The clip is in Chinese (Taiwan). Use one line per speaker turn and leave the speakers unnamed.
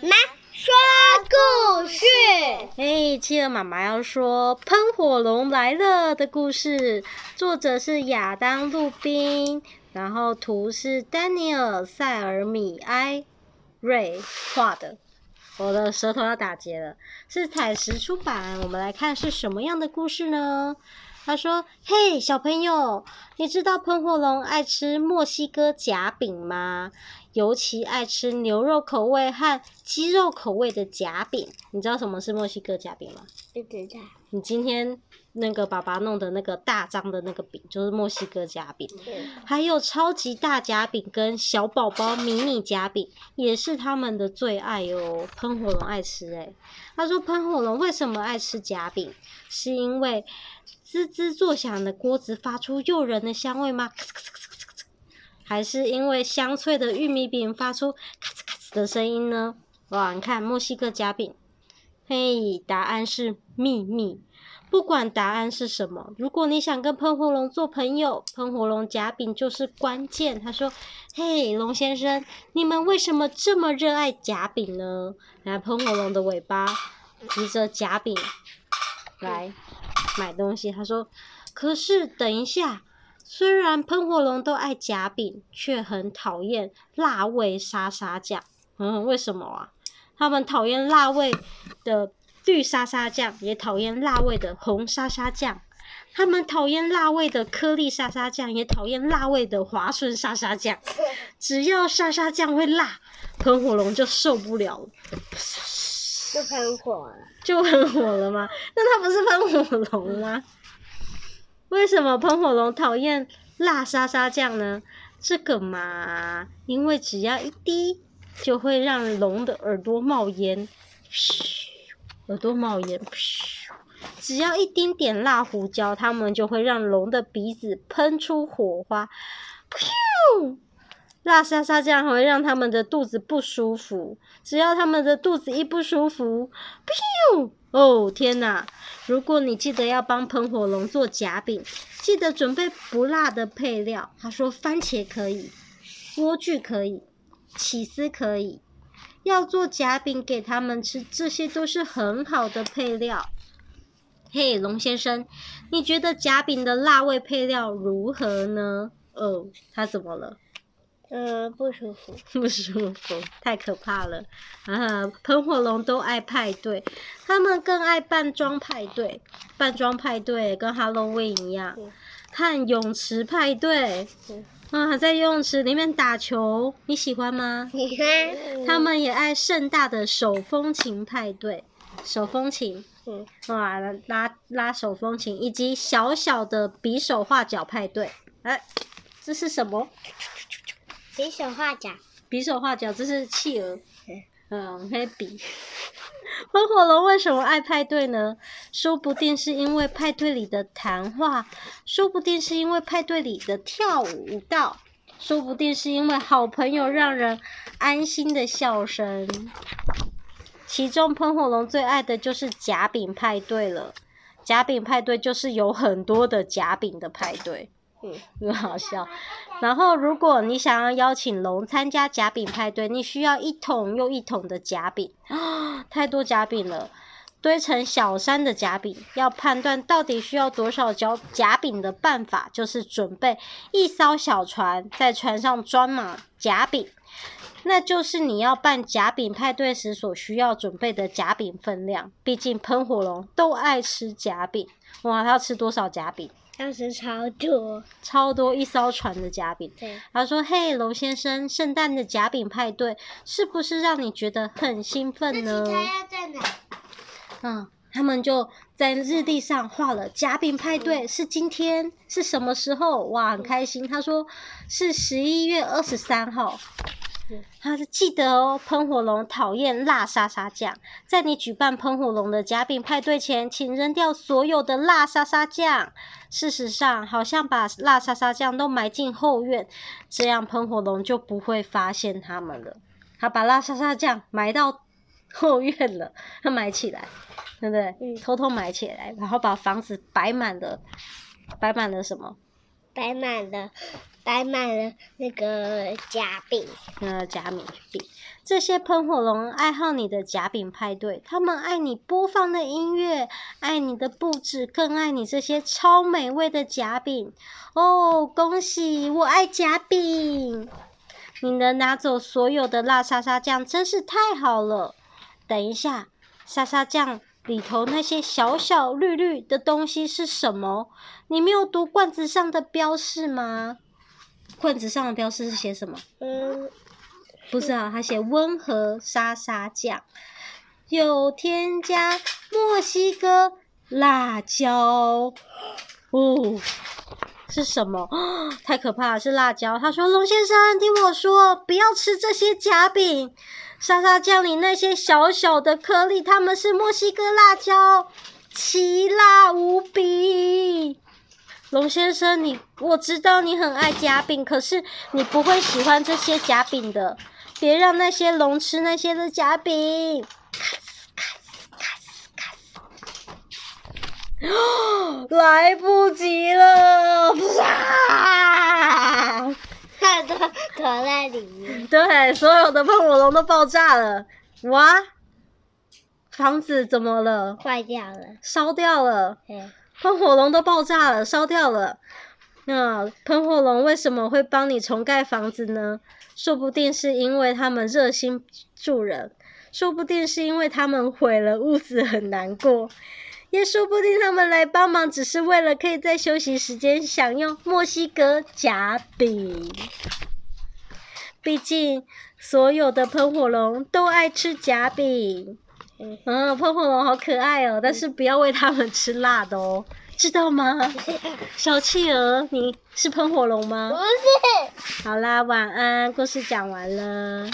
媽說故事，誒企鵝媽媽要說《噴火龍來了》的故事，作者是亞當·路賓，然後圖是丹尼爾·塞爾米埃瑞畫的。我的舌頭要打結了，是采實出版。我們來看是什麼樣的故事呢？他說：“嘿，小朋友，你知道噴火龍愛吃墨西哥夾餅嗎？尤其愛吃牛肉口味和雞肉口味的夾餅。你知道什麼是墨西哥夾餅嗎？”不知道。你今天。那個爸爸弄的那個大張的那個餅，就是墨西哥夾餅，還有超級大夾餅跟小寶寶迷你夾餅，也是他們的最愛喲、哦。噴火龍愛吃誒、欸、他說噴火龍為什麼愛吃夾餅？是因為滋滋作響的鍋子發出誘人的香味嗎？咔嚓咔嚓咔嚓咔嚓，還是因為香脆的玉米餅發出咔嚓咔嚓的聲音呢？哇，你看墨西哥夾餅。嘿，hey, 答案是秘密。不管答案是什麼，如果你想跟噴火龍做朋友，噴火龍夾餅就是關鍵。他說：“嘿，龍先生，你們為什麼這麼熱愛夾餅呢？”然後噴火龍的尾巴提着夾餅來買東西。他說：“可是，等一下，雖然噴火龍都愛夾餅，卻很討厭辣味莎莎醬。嗯，為什麼啊？”他們討厭辣味的綠沙沙醬，也討厭辣味的紅沙沙醬。他們討厭辣味的顆粒沙沙醬，也討厭辣味的滑順沙沙醬。只要沙沙醬會辣，噴火龍就受不了了。就噴火了？就噴火了嗎？那它不是噴火龍嗎？為什麼噴火龍討厭辣沙沙醬呢？這個嘛，因為只要一滴。就會讓龍的耳朵冒煙，噗，耳朵冒煙，噗，只要一丁點辣胡椒，他們就會讓龍的鼻子噴出火花，噗，辣沙沙這樣會讓他們的肚子不舒服。只要他們的肚子一不舒服，噗，哦天哪！如果你記得要幫噴火龍做夾餅，記得準備不辣的配料。他說番茄可以，萵苣可以。起司可以，要做夾餅給他們吃，這些都是很好的配料。嘿、hey，龍先生，你覺得夾餅的辣味配料如何呢？哦，他怎麼了？呃、嗯，不舒服，不舒服，哦，太可怕了！啊，噴火龍都愛派對，他們更愛扮裝派對，扮裝派對跟 Halloween 一樣，嗯、看泳池派對。嗯啊，在游泳池裡面打球，你喜歡嗎？ 他們也愛盛大的手風琴派對，手風琴，嗯，啊拉拉手風琴，以及小小的比手畫腳派對。哎、啊，這是什麼？比手畫腳，比手畫腳，這是企鵝。嗯，開始比。Happy 噴火龍為什麼愛派對呢？說不定是因為派對裡的談話，說不定是因為派對裡的跳舞蹈，說不定是因為好朋友讓人安心的笑聲。其中，噴火龍最愛的就是夾餅派對了。夾餅派對就是有很多的夾餅的派對。嗯，很好笑。然後，如果你想要邀請龍參加夾餅派對，你需要一桶又一桶的夾餅啊、哦，太多夾餅了，堆成小山的夾餅。要判斷到底需要多少夾夾餅的辦法，就是準備一艘小船，在船上裝滿夾餅，那就是你要辦夾餅派對時所需要準備的夾餅分量。畢竟噴火龍都愛吃夾餅，哇，他要吃多少夾餅？當時超多，超多一艘船的夾餅。對他說：“嘿，龍先生，聖誕的夾餅派對是不是讓你覺得很興奮呢？”嗯，他們就在日曆上畫了夾、嗯、餅派對是今天是什麼時候？哇，很開心。嗯、他說是十一月二十三號。他是記得哦，噴火龍討厭辣莎莎醬。在你舉辦噴火龍的夾餅派對前，請扔掉所有的辣莎莎醬。事實上，好像把辣莎莎醬都埋進後院，這樣噴火龍就不會發現他們了。他把辣莎莎醬埋到後院了，他埋起來，對不對？嗯、偷偷埋起來，然後把房子擺滿了，擺滿了什麼？擺滿了，擺滿了那個夾餅，呃，夾餅餅。這些噴火龍愛好你的夾餅派對，他們愛你播放的音樂，愛你的布置，更愛你這些超美味的夾餅。哦，恭喜我愛夾餅！你能拿走所有的辣莎莎醬，真是太好了。等一下，莎莎醬。裡頭那些小小綠綠的東西是什麼？你沒有讀罐子上的標示嗎？罐子上的標示是寫什麼？嗯，不知道，啊，它寫溫和沙沙醬，有添加墨西哥辣椒哦。是什麼？太可怕了！是辣椒。他說：“龍先生，聽我說，不要吃這些夾餅。莎莎醬裡那些小小的顆粒，它們是墨西哥辣椒，奇辣無比。龍先生，你，我知道你很愛夾餅，可是你不會喜歡這些夾餅的。別讓那些龍吃那些的夾餅。開死，開死，開死，開死！哦，來不及了。”躲在裡面。對，所有的噴火龍都爆炸了。哇，房子怎麼了？壞掉了，燒掉了。噴、嗯、火龍都爆炸了，燒掉了。那、啊、噴火龍為什麼會幫你重蓋房子呢？說不定是因為他們熱心助人，說不定是因為他們毀了屋子很難過，也說不定他們來幫忙只是為了可以在休息時間享用墨西哥夾餅。畢竟，所有的噴火龍都愛吃夾餅。嗯，噴火龍好可愛哦，但是不要餵它們吃辣的哦，知道嗎？小企鵝，你是噴火龍嗎？不是。好啦，晚安，故事講完了。